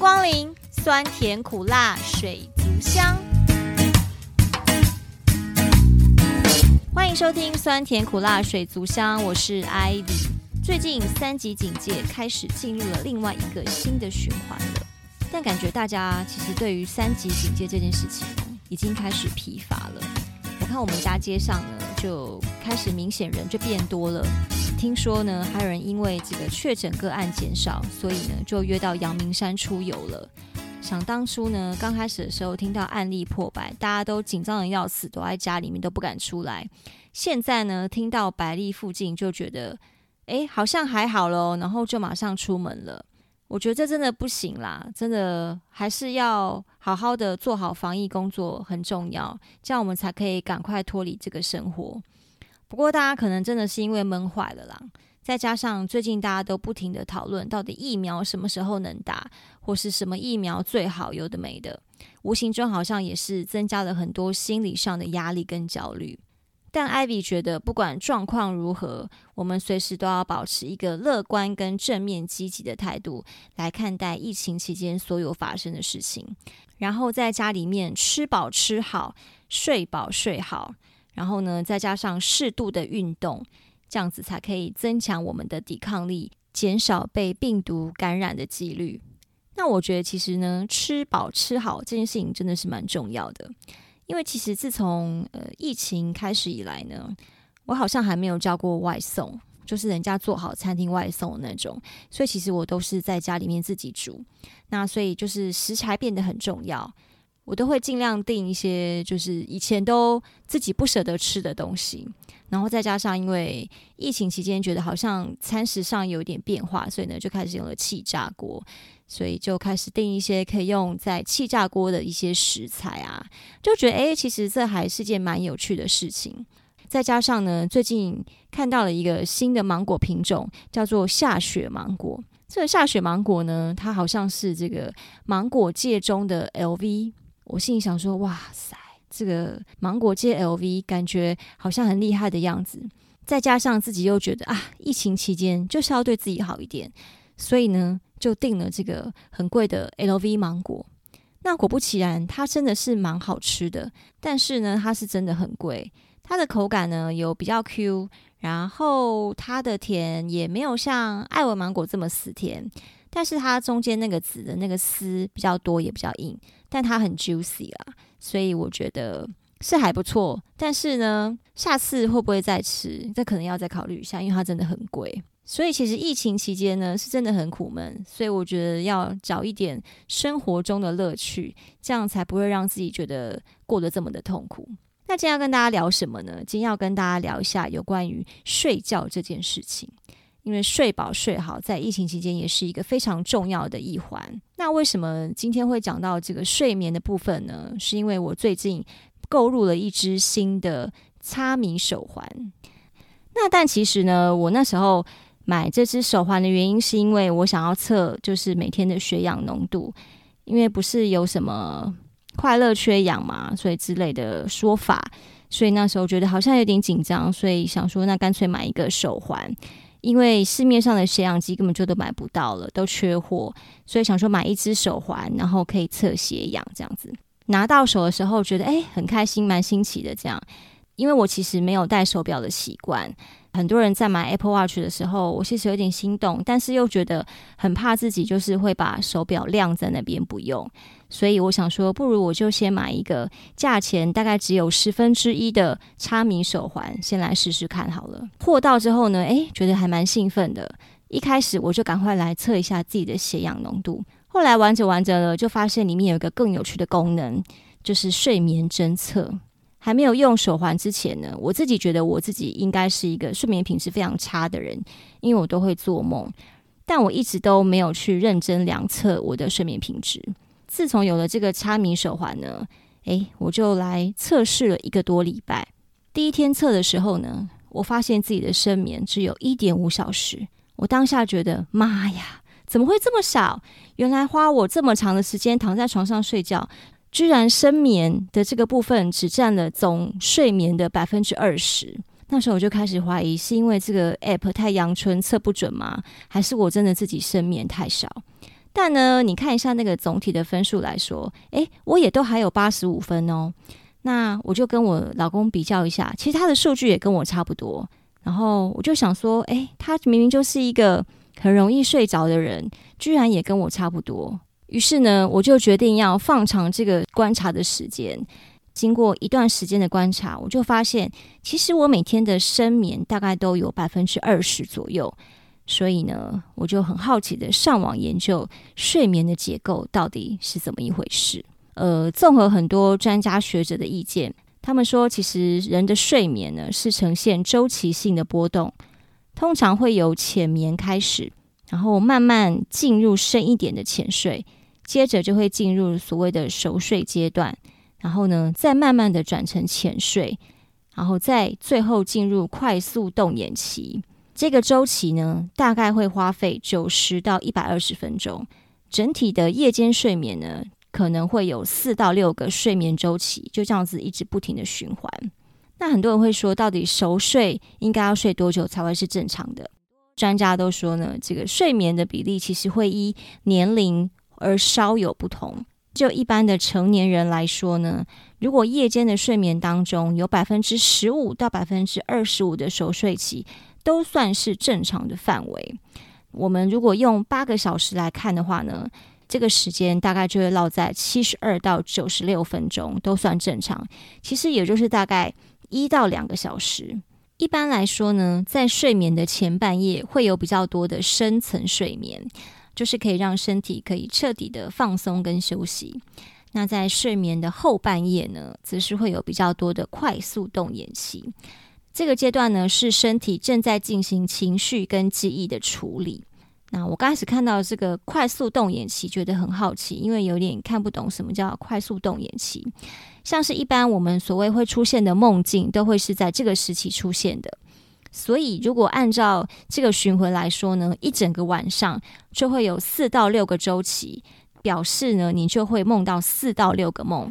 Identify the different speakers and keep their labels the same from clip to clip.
Speaker 1: 光臨酸甜苦辣水族箱，歡迎收聽酸甜苦辣水族箱，我是 Ivy。最近三級警戒開始進入了另外一個新的循環了，但感覺大家其實對於三級警戒這件事情已經開始疲乏了。我看我們家街上呢，就開始明顯人就變多了。聽說呢，還有人因為這個確診個案減少，所以呢就約到陽明山出遊了。想當初呢，剛開始的時候聽到案例破百，大家都緊張得要死，躲在家裡面都不敢出來。現在呢，聽到百例附近就覺得，哎，好像還好咯，然後就馬上出門了。我覺得這真的不行啦，真的還是要好好的做好防疫工作很重要，這樣我們才可以趕快脫離這個生活。不過大家可能真的是因為悶壞了啦，再加上最近大家都不停的討論到底疫苗什麼時候能打，或是什麼疫苗最好，有的沒的，無形中好像也是增加了很多心理上的壓力跟焦慮。但 Ivy 覺得，不管狀況如何，我們隨時都要保持一個樂觀跟正面積極的態度來看待疫情期間所有發生的事情，然後在家裡面吃飽吃好，睡飽睡好。然後呢，再加上適度的運動，這樣子才可以增強我們的抵抗力，減少被病毒感染的幾率。那我覺得其實呢，吃飽吃好這件事情真的是蠻重要的，因為其實自從呃疫情開始以來呢，我好像還沒有叫過外送，就是人家做好餐廳外送那種，所以其實我都是在家裡面自己煮。那所以就是食材變得很重要。我都會盡量訂一些，就是以前都自己不捨得吃的東西，然後再加上因為疫情期間覺得好像餐食上有點變化，所以呢就開始用了氣炸鍋，所以就開始訂一些可以用在氣炸鍋的一些食材啊，就覺得哎、欸，其實這還是件蠻有趣的事情。再加上呢，最近看到了一個新的芒果品種，叫做下雪芒果。這個下雪芒果呢，它好像是這個芒果界中的 LV。我心裡想說，哇塞，這個芒果界 LV 感覺好像很厲害的樣子。再加上自己又覺得啊，疫情期間就是要對自己好一點，所以呢，就訂了這個很貴的 LV 芒果。那果不其然，它真的是蠻好吃的，但是呢，它是真的很貴。它的口感呢，有比較 Q，然後它的甜也沒有像愛文芒果這麼死甜。但是它中間那個籽的那個絲比較多，也比較硬，但它很 juicy 啦，所以我覺得是還不錯。但是呢，下次會不會再吃，這可能要再考慮一下，因為它真的很貴。所以其實疫情期間呢，是真的很苦悶。所以我覺得要找一點生活中的樂趣，這樣才不會讓自己覺得過得這麼的痛苦。那今天要跟大家聊什麼呢？今天要跟大家聊一下有關於睡覺這件事情。因為睡飽睡好，在疫情期間也是一個非常重要的一環。那為什麼今天會講到這個睡眠的部分呢？是因為我最近購入了一隻新的擦米手環。那但其實呢，我那時候買這隻手環的原因，是因為我想要測就是每天的血氧濃度，因為不是有什麼快樂缺氧嘛，所以之類的說法。所以那時候覺得好像有點緊張，所以想說，那乾脆買一個手環。因為市面上的血氧機根本就都買不到了，都缺貨，所以想說買一只手環，然後可以測血氧這樣子。拿到手的時候覺得誒，很開心，蠻新奇的這樣。因為我其實沒有戴手表的習慣。很多人在買 Apple Watch 的時候，我其實有點心動，但是又覺得很怕自己就是會把手表晾在那邊不用，所以我想說，不如我就先買一個價錢大概只有十分之一的差米手環，先來試試看好了。貨到之後呢，誒，覺得還蠻興奮的。一開始我就趕快來測一下自己的血氧濃度，後來玩着玩着了，就發現裡面有一個更有趣的功能，就是睡眠偵測。還沒有用手環之前呢，我自己覺得我自己應該是一個睡眠品質非常差的人，因為我都會做夢，但我一直都沒有去認真量測我的睡眠品質。自從有了這個差眠手環呢，哎、欸，我就來測試了一個多禮拜。第一天測的時候呢，我發現自己的深眠只有一點五小時，我當下覺得媽呀，怎麼會這麼少？原來花我這麼長的時間躺在床上睡覺。居然深眠的這個部分只占了總睡眠的百分之二十。那時候我就開始懷疑，是因為這個 app 太陽春測不準嗎？還是我真的自己深眠太少？但呢，你看一下那個總體的分數來說，哎、欸，我也都還有八十五分哦。那我就跟我老公比較一下，其實他的數據也跟我差不多。然後我就想說，哎、欸，他明明就是一個很容易睡着的人，居然也跟我差不多。於是呢，我就決定要放長這個觀察的時間。經過一段時間的觀察，我就發現，其實我每天的深眠大概都有百分之二十左右。所以呢，我就很好奇的上網研究睡眠的結構到底是怎麼一回事。呃，綜合很多專家學者的意見，他們說，其實人的睡眠呢是呈現週期性的波動，通常會由淺眠開始，然後慢慢進入深一點的淺睡。接着就會進入所謂的熟睡階段，然後呢，再慢慢的轉成淺睡，然後再最後進入快速動眼期。這個周期呢，大概會花費九十到一百二十分鐘。整體的夜間睡眠呢，可能會有四到六個睡眠周期，就這樣子一直不停的循環。那很多人會說，到底熟睡應該要睡多久才會是正常的？專家都說呢，這個睡眠的比例其實會依年齡而稍有不同。就一般的成年人來說呢，如果夜間的睡眠當中有百分之十五到百分之二十五的熟睡期，都算是正常的範圍。我們如果用八個小時來看的話呢，這個時間大概就會落在七十二到九十六分鐘，都算正常。其實也就是大概一到兩個小時。一般來說呢，在睡眠的前半夜，會有比較多的深層睡眠。就是可以讓身體可以徹底的放鬆跟休息。那在睡眠的後半夜呢，則是會有比較多的快速動眼期。這個階段呢，是身體正在進行情緒跟記憶的處理。那我剛開始看到這個快速動眼期，覺得很好奇，因為有點看不懂什麼叫快速動眼期。像是一般我們所謂會出現的夢境，都會是在這個時期出現的。所以，如果按照這個循環來說呢，一整個晚上就會有四到六個週期，表示呢，你就會夢到四到六個夢。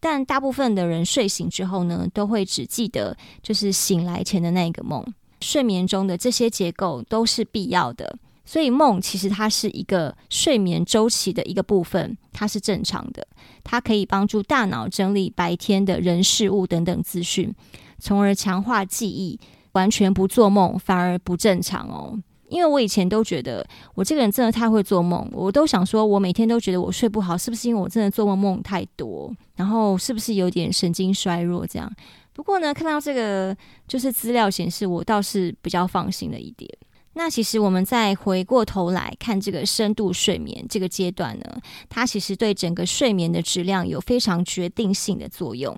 Speaker 1: 但大部分的人睡醒之後呢，都會只記得就是醒來前的那個夢。睡眠中的這些結構都是必要的，所以夢其實它是一個睡眠週期的一個部分，它是正常的，它可以幫助大腦整理白天的人事物等等資訊，從而強化記憶。完全不做夢反而不正常哦，因為我以前都覺得我這個人真的太會做夢，我都想說，我每天都覺得我睡不好，是不是因為我真的做夢夢太多，然後是不是有點神經衰弱這樣？不過呢，看到這個就是資料顯示，我倒是比較放心了一點。那其實我們再回過頭來看這個深度睡眠這個階段呢，它其實對整個睡眠的質量有非常決定性的作用。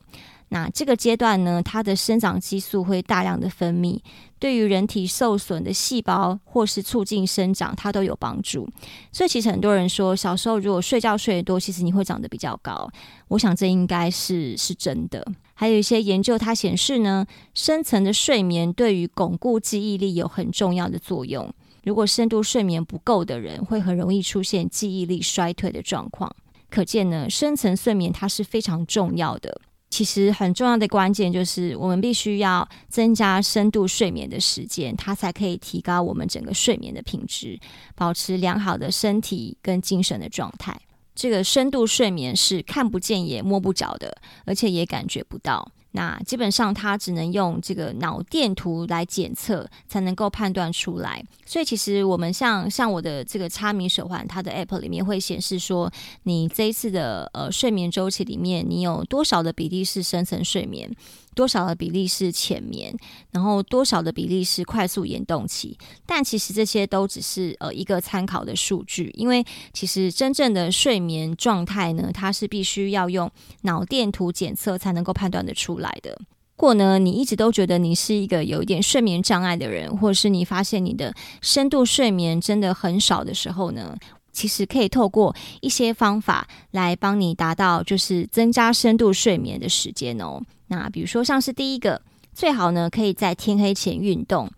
Speaker 1: 那這個階段呢，它的生長激素會大量的分泌，對於人體受損的細胞或是促進生長，它都有幫助。所以，其實很多人說，小時候如果睡覺睡得多，其實你會長得比較高。我想這應該是是真的。還有一些研究，它顯示呢，深層的睡眠對於鞏固記憶力有很重要的作用。如果深度睡眠不夠的人，會很容易出現記憶力衰退的狀況。可見呢，深層睡眠它是非常重要的。其實很重要的關鍵就是，我們必須要增加深度睡眠的時間，它才可以提高我們整個睡眠的品質，保持良好的身體跟精神的狀態。這個深度睡眠是看不見也摸不着的，而且也感覺不到。那基本上，它只能用這個腦電圖來檢測，才能夠判斷出來。所以，其實我們像像我的這個查米手環，它的 App 裡面會顯示說，你這一次的呃睡眠周期裡面，你有多少的比例是深層睡眠。多少的比例是淺眠，然後多少的比例是快速眼動期，但其實這些都只是呃一個參考的數據，因為其實真正的睡眠狀態呢，它是必須要用腦電圖檢測才能夠判斷得出來的。如果呢，你一直都覺得你是一個有一點睡眠障礙的人，或者是你發現你的深度睡眠真的很少的時候呢，其實可以透過一些方法來幫你達到，就是增加深度睡眠的時間哦。那比如說像是第一個，最好呢可以在天黑前運動。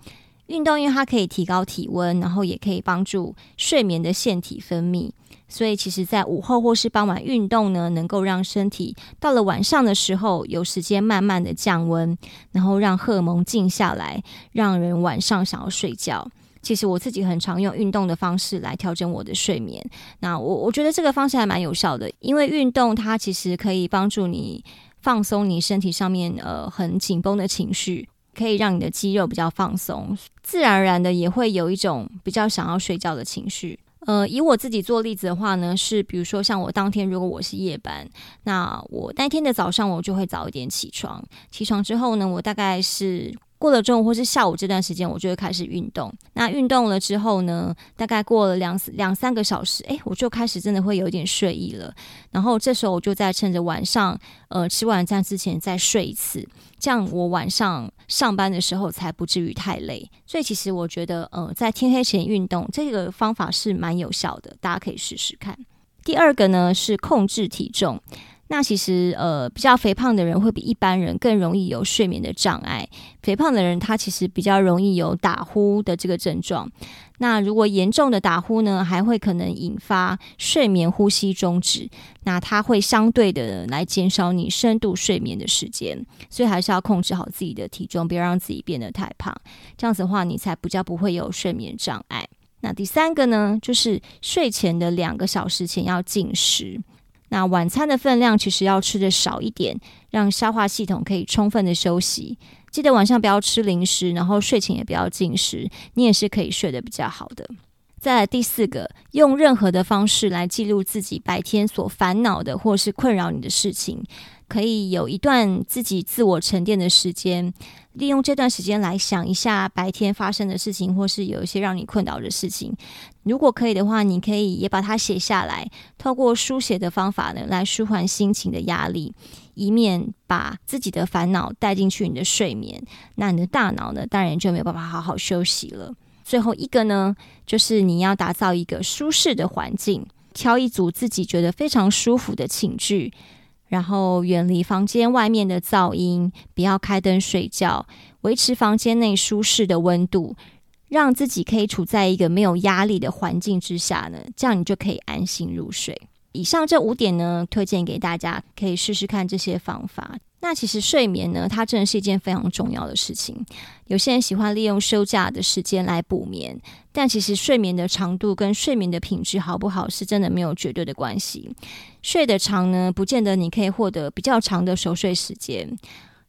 Speaker 1: 運動，因為它可以提高體溫，然後也可以幫助睡眠的腺體分泌。所以其實，在午後或是傍晚運動呢，能夠讓身體到了晚上的時候有時間慢慢的降溫，然後讓荷爾蒙靜下來，讓人晚上想要睡覺。其實我自己很常用運動的方式來調整我的睡眠。那我我覺得這個方式還蠻有效的，因為運動它其實可以幫助你放鬆你身體上面呃很緊繃的情緒，可以讓你的肌肉比較放鬆，自然而然的也會有一種比較想要睡覺的情緒。呃，以我自己做例子的話呢，是比如說像我當天如果我是夜班，那我當天的早上我就會早一點起床，起床之後呢，我大概是。過了中午或是下午這段時間，我就會開始運動。那運動了之後呢，大概過了兩兩三個小時，誒、欸，我就開始真的會有點睡意了。然後這時候我就在趁着晚上，呃，吃晚餐之前再睡一次，這樣我晚上上班的時候才不至於太累。所以其實我覺得，嗯、呃，在天黑前運動這個方法是蠻有效的，大家可以試試看。第二個呢是控制體重。那其實，呃，比較肥胖的人會比一般人更容易有睡眠的障礙。肥胖的人他其實比較容易有打呼的這個症狀。那如果嚴重的打呼呢，還會可能引發睡眠呼吸中止。那它會相對的來減少你深度睡眠的時間。所以還是要控制好自己的體重，不要讓自己變得太胖。這樣子的話，你才比較不會有睡眠障礙。那第三個呢，就是睡前的兩個小時前要進食。那晚餐的分量，其實要吃的少一點，讓消化系統可以充分的休息。記得晚上不要吃零食，然後睡前也不要進食，你也是可以睡得比較好的。再來第四個，用任何的方式來記錄自己白天所煩惱的或是困擾你的事情，可以有一段自己自我沉澱的時間。利用這段時間來想一下白天發生的事情，或是有一些讓你困擾的事情。如果可以的話，你可以也把它寫下來，透過書寫的方法呢，來舒緩心情的壓力，以免把自己的煩惱帶進去你的睡眠。那你的大腦呢，當然就沒有辦法好好休息了。最後一個呢，就是你要打造一個舒適的環境，挑一組自己覺得非常舒服的寢具，然後遠離房間外面的噪音，不要開燈睡覺，維持房間內舒適的溫度，讓自己可以處在一個沒有壓力的環境之下呢，這樣你就可以安心入睡。以上這五點呢，推薦給大家，可以試試看這些方法。那其實睡眠呢，它真的是一件非常重要的事情。有些人喜歡利用休假的時間來補眠，但其實睡眠的長度跟睡眠的品質好不好，是真的沒有絕對的關係。睡得長呢，不見得你可以獲得比較長的熟睡時間。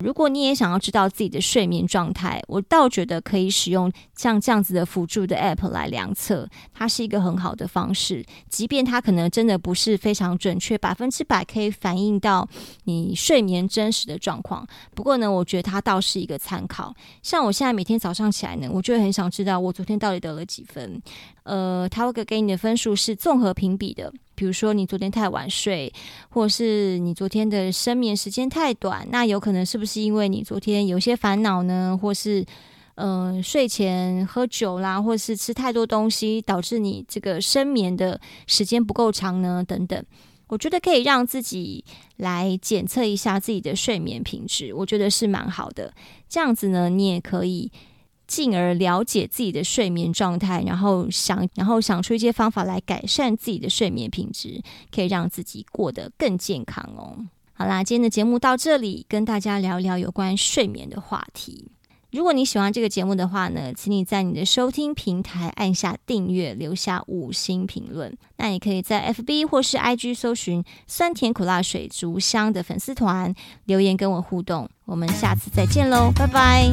Speaker 1: 如果你也想要知道自己的睡眠狀態，我倒覺得可以使用像這樣子的輔助的 App 來量測，它是一個很好的方式。即便它可能真的不是非常準確，百分之百可以反映到你睡眠真實的狀況。不過呢，我覺得它倒是一個參考。像我現在每天早上起來呢，我就很想知道我昨天到底得了幾分。呃，它會給給你的分數是綜合評比的。比如說，你昨天太晚睡，或是你昨天的睡眠時間太短，那有可能是不是因為你昨天有些煩惱呢？或是嗯、呃，睡前喝酒啦，或是吃太多東西，導致你這個睡眠的時間不夠長呢？等等，我覺得可以讓自己來檢測一下自己的睡眠品質，我覺得是蠻好的。這樣子呢，你也可以。進而了解自己的睡眠狀態，然後想，然後想出一些方法來改善自己的睡眠品質，可以讓自己過得更健康哦。好啦，今天的節目到這裡，跟大家聊一聊有關睡眠的話題。如果你喜歡這個節目的話呢，請你在你的收聽平台按下訂閱，留下五星評論。那你可以在 FB 或是 IG 搜尋“酸甜苦辣水族香”的粉絲團，留言跟我互動。我們下次再見嘍，拜拜。